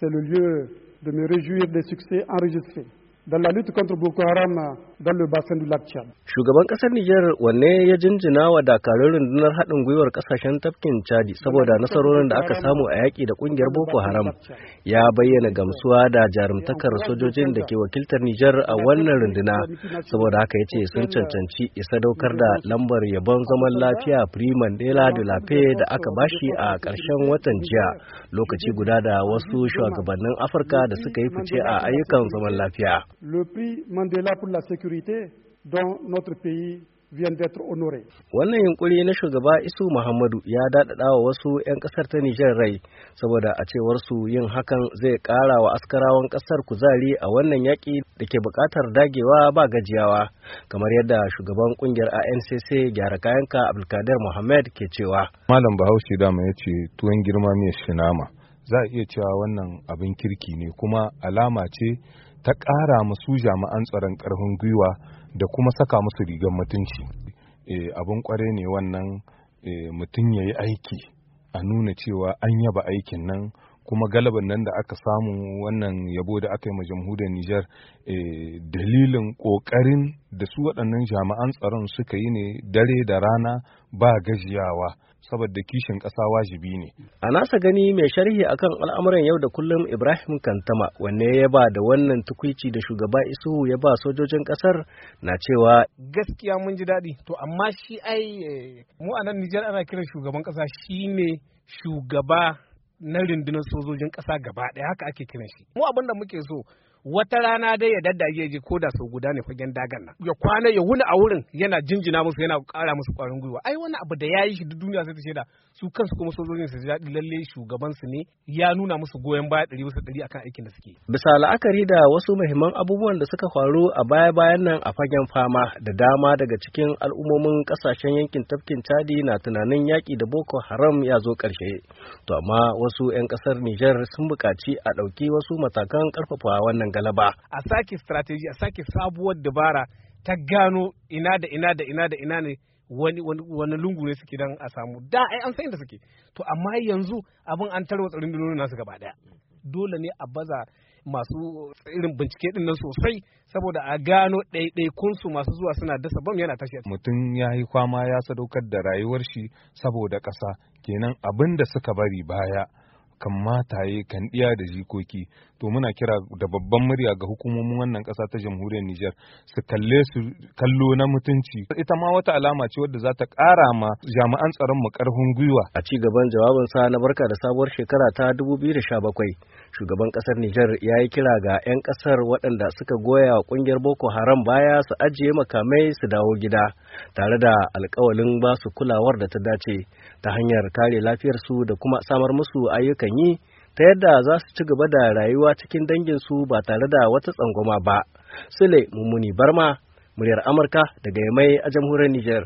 C'est le lieu de me réjouir des succès enregistrés. dans la lutte Boko Haram dans le bassin du lac Shugaban kasar Niger wanne ya jinjina wa dakarun rundunar haɗin gwiwar kasashen tafkin Chadi saboda nasarorin da aka samu a yaki da ƙungiyar Boko Haram ya bayyana gamsuwa da jarumtakar sojojin da ke wakiltar Niger a wannan runduna saboda haka ya ce sun cancanci isa daukar da lambar yabon zaman lafiya Prix Mandela de la da aka bashi a ƙarshen watan jiya lokaci guda da wasu shugabannin Afirka da suka yi fice a ayyukan zaman lafiya. le prix Mandela pour la sécurité dont notre pays vient d'être honoré. Wannan yunkuri na shugaba Isu Muhammadu ya daɗaɗa wa wasu 'yan ƙasar ta Nijar rai saboda a cewar su yin hakan zai ƙara wa askarawan ƙasar kuzari a wannan yaƙi da ke buƙatar dagewa ba gajiyawa kamar yadda shugaban ƙungiyar ANCC gyara kayanka Abdulkadir Muhammad ke cewa. Malam Bahaushe dama ya ce tuwon girma mai shinama. Za a iya cewa wannan abin kirki ne kuma alama ce ta ƙara musu jami'an tsaron ƙarfin gwiwa da kuma saka musu rigar mutunci eh, abin kware ne wannan eh, mutum ya yi aiki a nuna cewa an yaba aikin nan kuma galaban nan da aka samu wannan yabo da aka yi ma jamhuriyar Nijar eh, dalilin ƙoƙarin da su waɗannan jami'an tsaron suka yi ne dare da rana ba gajiyawa saboda kishin ƙasa wajibi ne. A nasa gani mai sharhi akan al'amuran yau da kullum Ibrahim Kantama wanne ya ba da wannan tukwici da shugaba Isuhu ya ba sojojin ƙasar na cewa gaskiya mun ji daɗi to amma shi ai eh, mu a nan Nijar ana kiran shugaban ƙasa shine shugaba na rundunar sojojin ƙasa gaba ɗaya haka ake kiran shi mu abin da muke so wata rana dai ya ya ji ko da sau guda ne fagen dagan nan ya kwana ya wuni a wurin yana jinjina musu yana ƙara musu kwarin gwiwa ai wani abu da ya yi shi da duniya sai ta shaida su kansu kuma sojojin su ji daɗi lalle shugaban su ne ya nuna musu goyon baya ɗari bisa ɗari akan aikin da suke. bisa la'akari da wasu muhimman abubuwan da suka faru a baya bayan nan a fagen fama da dama daga cikin al'ummomin ƙasashen yankin tafkin chadi na tunanin yaƙi da boko haram ya zo ƙarshe to amma wasu 'yan ƙasar nijar sun buƙaci a ɗauki wasu matakan ƙarfafa wannan wannan galaba a sake strategy a sake sabuwar dabara ta gano ina da ina da ina da ina ne wani wani lungu ne suke dan a samu da ai an san da suke to amma yanzu abin an tsarin rundunonin nasu gaba daya dole ne a baza masu irin bincike din nan sosai saboda a gano ɗaiɗaikun su masu zuwa suna dasa bam yana tashi mutum ya yi kwama ya sadaukar da rayuwar shi saboda kasa kenan abin da suka bari baya kan mataye kan ɗiya da jikoki to muna kira da babban murya ga hukumomin wannan ƙasa ta jamhuriyar Nijar su kalle su kallo na mutunci ita ma wata alama ce wadda za ta ƙara ma jami'an tsaron mu ƙarfin gwiwa a ci gaban jawabin sa na barka da sabuwar shekara ta 2017 shugaban ƙasar Nijar ya yi kira ga 'yan ƙasar waɗanda suka goya wa ƙungiyar Boko Haram baya su ajiye makamai su dawo gida tare da alƙawalin ba su kulawar da ta dace ta hanyar kare lafiyarsu da kuma samar musu ayyukan sukan yi ta yadda za su ci gaba da rayuwa cikin danginsu ba tare da wata tsangwama ba. Sule Mummuni Barma, muryar Amurka daga Yamai a jamhuriyar Nijar.